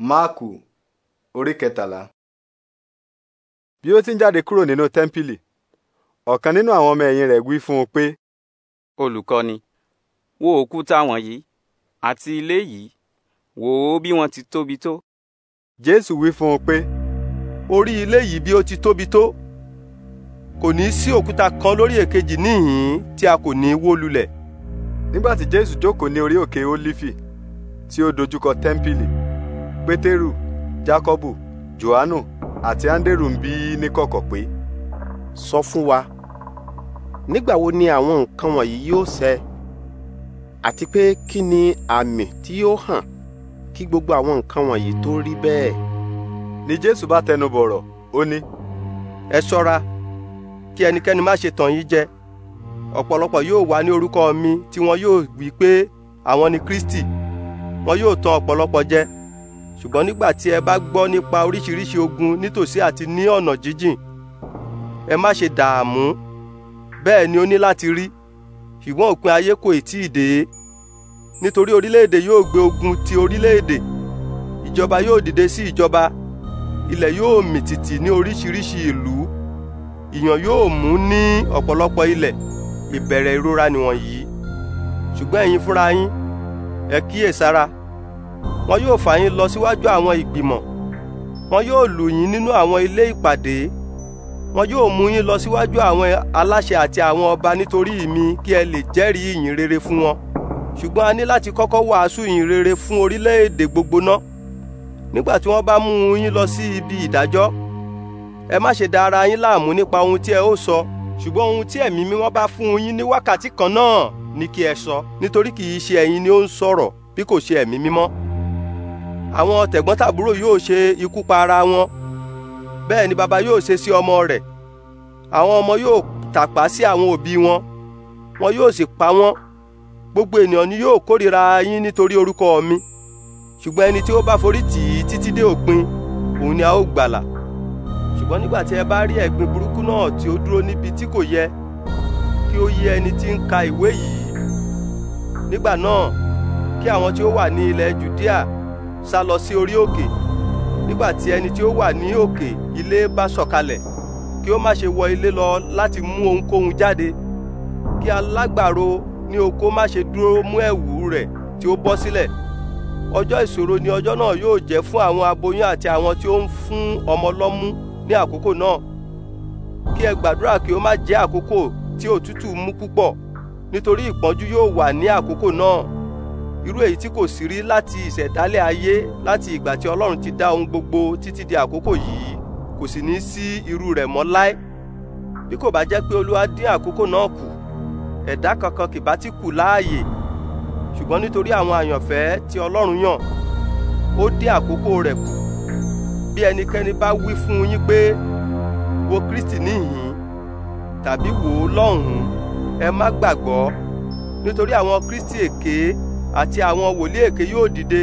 máàkù orí kẹtàlá. bí ó ti ń jáde kúrò nínú tẹ́ḿpìlì ọ̀kan nínú àwọn ọmọ ẹ̀yìn rẹ̀ wí fún un pé. olùkọ́ni wo òkúta wọ̀nyí àti ilé yìí wò ó bí wọ́n ti tóbi tó. jésù wí fún un pé o rí ilé yìí bí ó ti tóbi tó kò ní sí òkúta kan lórí èkejì níhìn-ín tí a kò ní wó lulẹ̀. nígbà tí jésù jókòó ní orí òkè ólífì tí ó dojúkọ tẹ́ḿpìlì pétérù jákọ́bù johanu àti anderu ń bí níkọ̀kọ̀ pé. sọ fún wa nígbà wo ni àwọn nǹkan wọ̀nyí yóò ṣẹ àti pé kí ni àmì tí yóò hàn kí gbogbo àwọn nǹkan wọ̀nyí tó rí bẹ́ẹ̀. ni jésù bá tẹnu bọ̀rọ̀ ó ní. ẹ ṣọ́ra kí ẹnikẹ́ni má ṣe tàn yín jẹ ọ̀pọ̀lọpọ̀ yóò wá ní orúkọ mi tí wọn yóò wí pé àwọn ni kristi wọn yóò tan ọ̀pọ̀lọpọ̀ jẹ ṣùgbọ́n nígbà tí ẹ bá gbọ́ nípa oríṣiríṣi ogun nítòsí àti ní ọ̀nà jíjìn ẹ má ṣe dààmú bẹ́ẹ̀ ni ó ní láti rí ṣùgbọ́n òpin ayé kò ì tíì dé nítorí orílẹ̀-èdè yóò gbé ogun ti orílẹ̀-èdè ìjọba yóò dìde sí ìjọba ilẹ̀ yóò mì tìtì ní oríṣiríṣi ìlú ìyàn yóò mú ní ọ̀pọ̀lọpọ̀ ilẹ̀ ìbẹ̀rẹ̀ ìrora nìwọ̀nyí ṣùgbọ́n ẹ̀yin fúnra yín ẹ kíyèsára wọn yóò fà yín lọ síwájú àwọn ìgbìmọ̀ wọn yóò lù yín nínú àwọn ilé ìpàdé wọn yóò mú yín lọ síwájú àwọn aláṣẹ àti àwọn ọba nítorí mi kí ẹ lè jẹ́rìí ìyìn rere fún wọn ṣùgbọ́n a ní láti kọ́kọ́ wàásù ìyìn rere fún orílẹ̀-èdè gbogbo náà nígbà tí wọ́n bá mú yín lọ sí ibi ìdájọ́ ẹ má ṣe da ara yín láàmú nípa ohun tí ẹ ó sọ ṣùgbọ́n ohun tí ẹ̀mí mi wọ́n bá fún yín ní wákàtí kan náà ni kí ẹ sọ nítorí kì í ṣe ẹ̀yin ni ó ń sọ̀rọ̀ bí kò ṣe ẹ̀mí mímọ́ àwọn tẹ̀gbọ́n-tàbúrò yóò ṣe ikú pa ara wọn bẹ́ẹ̀ ni baba yóò ṣe sí ọmọ rẹ̀ àwọn ọmọ yóò tàpá sí àwọn òbí wọn wọn yóò sì pa wọ́n gbogbo ènìyàn ni yóò kórìíra yín nítorí orúkọ mi ṣùgbọ́n ẹni tí ó bá forí tì í títí dé òpin òun ni a ó gbàlà ṣùgbọ́n nígbà tí ẹ bá rí ẹ̀gbin burúkú náà tí ó dúró níbi tí kò yẹ kí ó yé ẹni tí ń ka ìwé yìí nígbà náà kí àwọn tí ó wà ní ilẹ̀ Jùdíà sá lọ sí orí òkè nígbà tí ẹni tí ó wà ní òkè ilé bá sọ̀kalẹ̀ kí ó má ṣe wọ ilé lọ láti mú ohunkóhun jáde kí alágbàro ní oko má ṣe dúró mú ẹ̀wù rẹ̀ tí ó bọ́ sílẹ̀ ọjọ́ ìṣòro ni ọjọ́ náà yóò jẹ́ fún àwọn aboyún àti àwọn tí ó ń fún ọmọ lọ́mú ní àkókò náà kí ẹ gbàdúrà kí ó má jẹ́ àkókò tí òtútù mú púpọ̀ nítorí ìpọ́njú yóò wà ní àkókò náà irú èyí tí kò sí rí láti ìṣẹ̀dálẹ̀ ayé láti ìgbà tí ọlọ́run ti dá ohun gbogbo títí di àkókò yìí kò sì ní sí irú rẹ̀ mọ́ láé bí kò bá jẹ́ pé olúwa dín àkókò náà kù ẹ̀dá kankan kì bá ti kù láàyè ṣùgbọ́n nítorí àwọn àyànfẹ́ tí ọlọ́run yàn ó dín àkókò rẹ̀ kù bí ẹnikẹ́ni bá wí fún yín pé wo kristi níhìn tàbí wò ó lọ́hùn-ún ẹ má gbàgbọ́ nítorí àwọn kristi èké àti àwọn wòlíì èké yóò dìde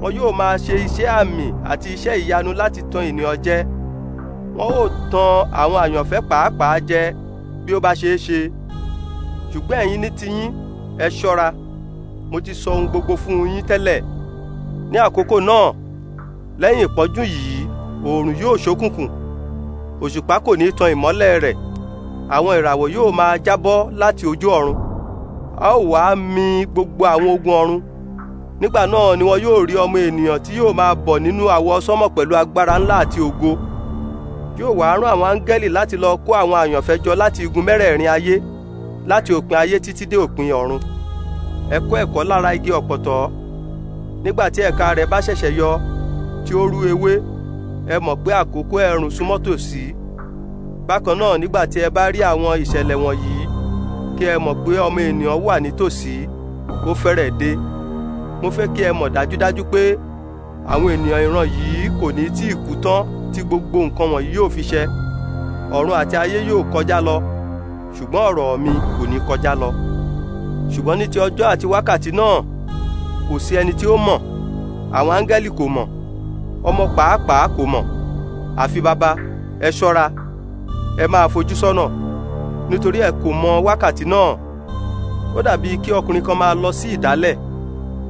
wọn yóò máa ṣe iṣẹ́ àmì àti iṣẹ́ ìyanu láti tan ènìyàn jẹ wọn ò tan àwọn àyànfẹ́ pàápàá jẹ bí ó bá ṣeé ṣe ṣùgbọ́n ẹ̀yin ní tiyín ẹ ṣọ́ra mo ti sọ ohun gbogbo fún yín tẹ́lẹ̀ ní àkókò náà lẹ́yìn ìpọ́njú yìí oòrùn yóò ṣókùnkùn òṣùpá kò ní tan ìmọ́lẹ̀ rẹ̀ àwọn ìràwọ̀ yóò máa jábọ́ láti ojú ọ̀run a ó wá mì gbogbo àwọn ogun ọ̀run nígbà náà ni wọn yóò rí ọmọ ènìyàn tí yóò máa bọ̀ nínú àwọ̀ sánmọ̀ pẹ̀lú agbára ńlá àti ògo yóò wá rán àwọn áńgẹ́lì láti lọ kó àwọn àyànfẹ́ jọ láti igun mẹ́rẹ̀ẹ̀rin ayé láti òpin ayé títí dé òpin ọ̀run ẹ kọ́ ẹ̀kọ́ lára igi ọ̀pọ̀tọ́ nígbà tí ẹ̀ka rẹ̀ bá ṣẹ̀ṣẹ̀ yọ tí ó rú ewé ẹ mọ̀ pé àkókò ẹ̀rùn súnmọ́ tòsí bákan náà nígbà tí ẹ bá rí àwọn ìṣẹ̀lẹ̀ wọ̀nyí kí ẹ mọ̀ pé ọmọ ènìyàn wà nítòsí ó fẹ́rẹ̀ dé mo fẹ́ kí ẹ mọ̀ dájúdájú pé àwọn ènìyàn ìran yìí kò ní tí ì kú tán tí gbogbo nǹkan wọ̀nyí yóò fi ṣẹ ọ̀run àti ayé yóò kọjá lọ ṣùgbọ́n ọ̀rọ̀ mi kò ní kọjá lọ ṣùgbọ́n ní ti ọjọ́ àti wákàtí náà kò sí ẹni tí ó mọ̀ àwọn áńgẹ́lì kò mọ̀ ọmọ pàápàá kò mọ̀ àfi baba ẹ ṣọ́ra ẹ máa fojú sọ́nà nítorí ẹ kò mọ wákàtí náà ó dàbí kí ọkùnrin kan máa lọ sí ìdálẹ̀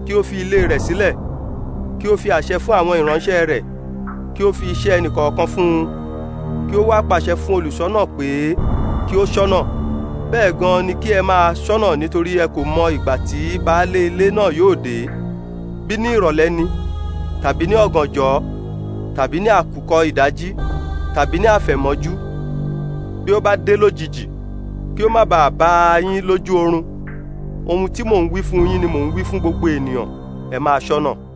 kí ó fi ilé rẹ̀ sílẹ̀ kí ó fi àṣẹ fún àwọn ìránṣẹ́ rẹ̀ kí ó fi iṣẹ́ ẹnìkọ̀ọ̀kan fún un kí ó wá pàṣẹ fún olùṣọ́nà pé kí ó ṣọ́nà bẹ́ẹ̀ gan ni kí ẹ máa ṣọ́nà nítorí ẹ kò mọ ìgbà tí baálé ilé náà yóò dé bí ní ìrọ̀lẹ́ ni tàbí ní ọ̀gànjọ́ tàbí ní àkùkọ ìdájí tàbí ní àfẹ̀mọ́jú bí ó bá dé lójijì kí ó má bàa bá yín lójú oorun ohun tí mò ń wí fún yín ni mò ń wí fún gbogbo ènìyàn ẹ máa ṣọ́nà.